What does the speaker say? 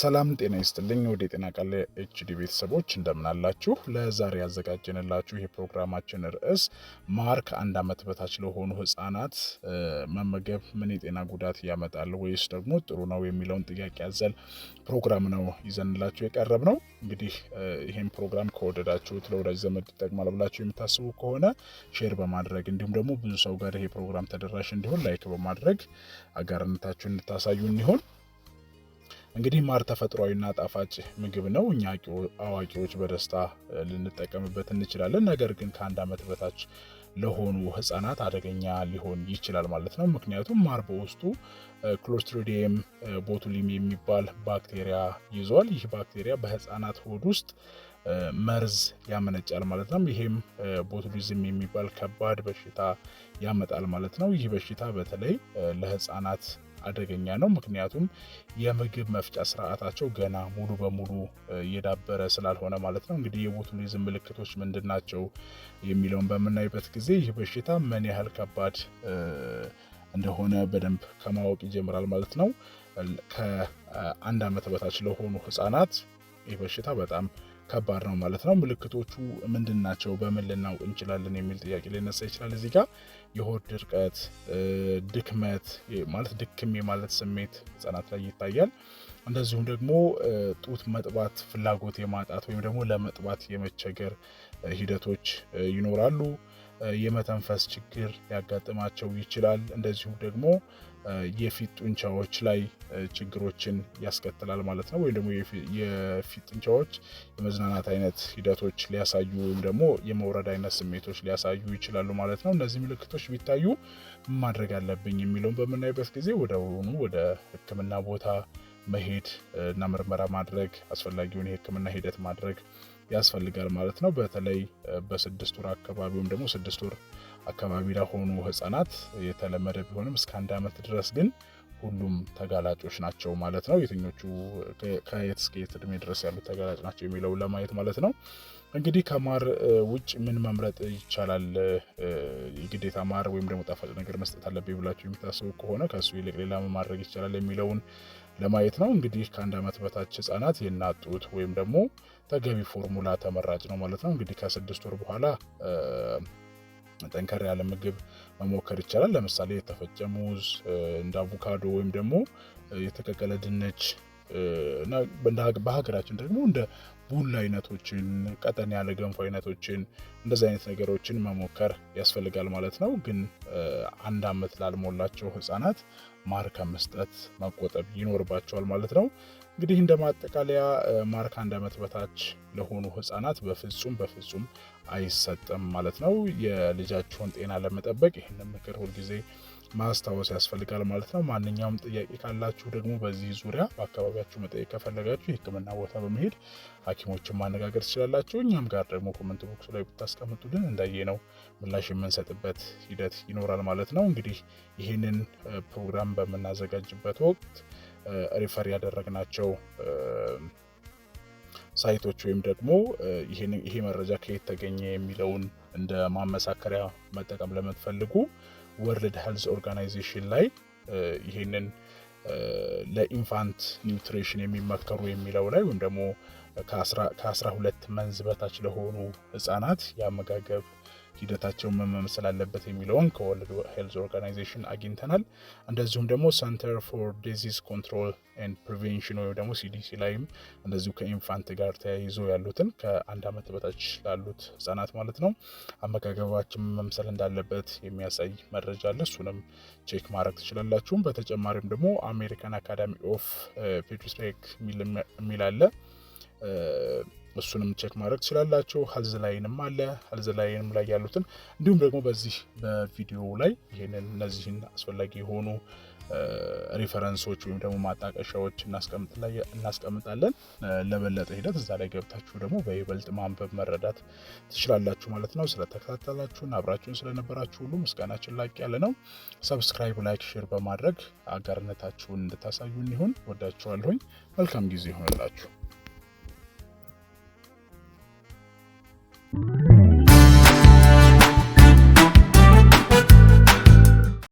ሰላም ጤና ይስጥልኝ። ወደ የጤና ቃለ ኤችዲ ቤተሰቦች እንደምን አላችሁ? ለዛሬ ያዘጋጀንላችሁ የፕሮግራማችን ርዕስ ማር ከአንድ ዓመት በታች ለሆኑ ህጻናት መመገብ ምን የጤና ጉዳት ያመጣል ወይስ ደግሞ ጥሩ ነው የሚለውን ጥያቄ ያዘል ፕሮግራም ነው ይዘንላችሁ የቀረብ ነው። እንግዲህ ይህም ፕሮግራም ከወደዳችሁት ለወዳጅ ዘመድ ይጠቅማል ብላችሁ የምታስቡ ከሆነ ሼር በማድረግ እንዲሁም ደግሞ ብዙ ሰው ጋር ይሄ ፕሮግራም ተደራሽ እንዲሆን ላይክ በማድረግ አጋርነታችሁን እንድታሳዩ እንዲሆን እንግዲህ ማር ተፈጥሯዊና ጣፋጭ ምግብ ነው። እኛ አዋቂዎች በደስታ ልንጠቀምበት እንችላለን። ነገር ግን ከአንድ ዓመት በታች ለሆኑ ህጻናት አደገኛ ሊሆን ይችላል ማለት ነው። ምክንያቱም ማር በውስጡ ክሎስትሪዲየም ቦቱሊም የሚባል ባክቴሪያ ይዟል። ይህ ባክቴሪያ በህፃናት ሆድ ውስጥ መርዝ ያመነጫል ማለት ነው። ይሄም ቦቱሊዝም የሚባል ከባድ በሽታ ያመጣል ማለት ነው። ይህ በሽታ በተለይ ለህፃናት አደገኛ ነው። ምክንያቱም የምግብ መፍጫ ስርዓታቸው ገና ሙሉ በሙሉ እየዳበረ ስላልሆነ ማለት ነው። እንግዲህ የቦቱሊዝም ምልክቶች ምንድን ናቸው የሚለውን በምናይበት ጊዜ ይህ በሽታ ምን ያህል ከባድ እንደሆነ በደንብ ከማወቅ ይጀምራል ማለት ነው። ከአንድ ዓመት በታች ለሆኑ ህጻናት ይህ በሽታ በጣም ከባድ ነው ማለት ነው። ምልክቶቹ ምንድን ናቸው? በምን ልናውቅ እንችላለን? የሚል ጥያቄ ሊነሳ ይችላል። እዚህ ጋር የሆድ ድርቀት፣ ድክመት ማለት ድክም የማለት ስሜት ህጻናት ላይ ይታያል። እንደዚሁም ደግሞ ጡት መጥባት፣ ፍላጎት የማጣት ወይም ደግሞ ለመጥባት የመቸገር ሂደቶች ይኖራሉ። የመተንፈስ ችግር ሊያጋጥማቸው ይችላል። እንደዚሁም ደግሞ የፊት ጡንቻዎች ላይ ችግሮችን ያስከትላል ማለት ነው። ወይም ደግሞ የፊት ጡንቻዎች የመዝናናት አይነት ሂደቶች ሊያሳዩ ወይም ደግሞ የመውረድ አይነት ስሜቶች ሊያሳዩ ይችላሉ ማለት ነው። እነዚህ ምልክቶች ቢታዩ ማድረግ አለብኝ የሚለውን በምናይበት ጊዜ ወደ አሁኑ ወደ ሕክምና ቦታ መሄድ እና ምርመራ ማድረግ አስፈላጊውን የህክምና ሂደት ማድረግ ያስፈልጋል ማለት ነው። በተለይ በስድስት ወር አካባቢ ወይም ደግሞ ስድስት ወር አካባቢ ለሆኑ ህጻናት የተለመደ ቢሆንም እስከ አንድ ዓመት ድረስ ግን ሁሉም ተጋላጮች ናቸው ማለት ነው። የትኞቹ ከየት እስከ የት እድሜ ድረስ ያሉት ተጋላጭ ናቸው የሚለውን ለማየት ማለት ነው። እንግዲህ ከማር ውጭ ምን መምረጥ ይቻላል? የግዴታ ማር ወይም ደግሞ ጣፋጭ ነገር መስጠት አለብኝ ብላችሁ የሚታሰቡ ከሆነ ከእሱ ይልቅ ሌላ ማድረግ ይቻላል የሚለውን ለማየት ነው። እንግዲህ ከአንድ ዓመት በታች ህጻናት የእናት ጡት ወይም ደግሞ ተገቢ ፎርሙላ ተመራጭ ነው ማለት ነው። እንግዲህ ከስድስት ወር በኋላ ጠንከር ያለ ምግብ መሞከር ይቻላል። ለምሳሌ የተፈጨ ሙዝ እንደ አቮካዶ ወይም ደግሞ የተቀቀለ ድንች በሀገራችን ደግሞ እንደ ቡላ አይነቶችን፣ ቀጠን ያለ ገንፎ አይነቶችን እንደዚህ አይነት ነገሮችን መሞከር ያስፈልጋል ማለት ነው። ግን አንድ ዓመት ላልሞላቸው ህፃናት ማር ከመስጠት መቆጠብ ይኖርባቸዋል ማለት ነው። እንግዲህ እንደ ማጠቃለያ ማር ከአንድ ዓመት በታች ለሆኑ ህጻናት በፍጹም በፍጹም አይሰጥም ማለት ነው። የልጃችሁን ጤና ለመጠበቅ ይህንን ምክር ሁልጊዜ ማስታወስ ያስፈልጋል ማለት ነው። ማንኛውም ጥያቄ ካላችሁ ደግሞ በዚህ ዙሪያ በአካባቢያችሁ መጠየቅ ከፈለጋችሁ የህክምና ቦታ በመሄድ ሐኪሞችን ማነጋገር ትችላላችሁ። እኛም ጋር ደግሞ ኮመንት ቦክሱ ላይ ብታስቀምጡልን እንዳየ ነው ምላሽ የምንሰጥበት ሂደት ይኖራል ማለት ነው። እንግዲህ ይህንን ፕሮግራም በምናዘጋጅበት ወቅት ሪፈር ያደረግናቸው ሳይቶች ወይም ደግሞ ይሄ መረጃ ከየት ተገኘ የሚለውን እንደ ማመሳከሪያ መጠቀም ለምትፈልጉ ወርልድ ሄልዝ ኦርጋናይዜሽን ላይ ይሄንን ለኢንፋንት ኒውትሪሽን የሚመከሩ የሚለው ላይ ወይም ደግሞ ከ12 መንዝ በታች ለሆኑ ህጻናት የአመጋገብ ሂደታቸው ምን መምሰል አለበት የሚለውን ከወርልድ ሄልዝ ኦርጋናይዜሽን አግኝተናል። እንደዚሁም ደግሞ ሰንተር ፎር ዲዚዝ ኮንትሮል ኤንድ ፕሪቬንሽን ወይም ደግሞ ሲዲሲ ላይም እንደዚሁ ከኢንፋንት ጋር ተያይዞ ያሉትን ከአንድ ዓመት በታች ላሉት ህጻናት ማለት ነው አመጋገባችን መምሰል እንዳለበት የሚያሳይ መረጃ አለ። እሱንም ቼክ ማድረግ ትችላላችሁም። በተጨማሪም ደግሞ አሜሪካን አካዳሚ ኦፍ ፔዲያትሪክስ የሚል አለ እሱንም ቼክ ማድረግ ትችላላችሁ። ሀልዝ ላይንም አለ ሀልዝ ላይንም ላይ ያሉትን እንዲሁም ደግሞ በዚህ በቪዲዮ ላይ ይህንን እነዚህን አስፈላጊ የሆኑ ሪፈረንሶች ወይም ደግሞ ማጣቀሻዎች እናስቀምጣለን። ለበለጠ ሂደት እዛ ላይ ገብታችሁ ደግሞ በይበልጥ ማንበብ መረዳት ትችላላችሁ ማለት ነው። ስለተከታተላችሁን አብራችሁን ስለነበራችሁ ሁሉ ምስጋናችን ላቅ ያለ ነው። ሰብስክራይብ፣ ላይክ፣ ሼር በማድረግ አጋርነታችሁን እንድታሳዩን ይሁን። ወዳችኋለሁኝ። መልካም ጊዜ ይሆንላችሁ። Thank you.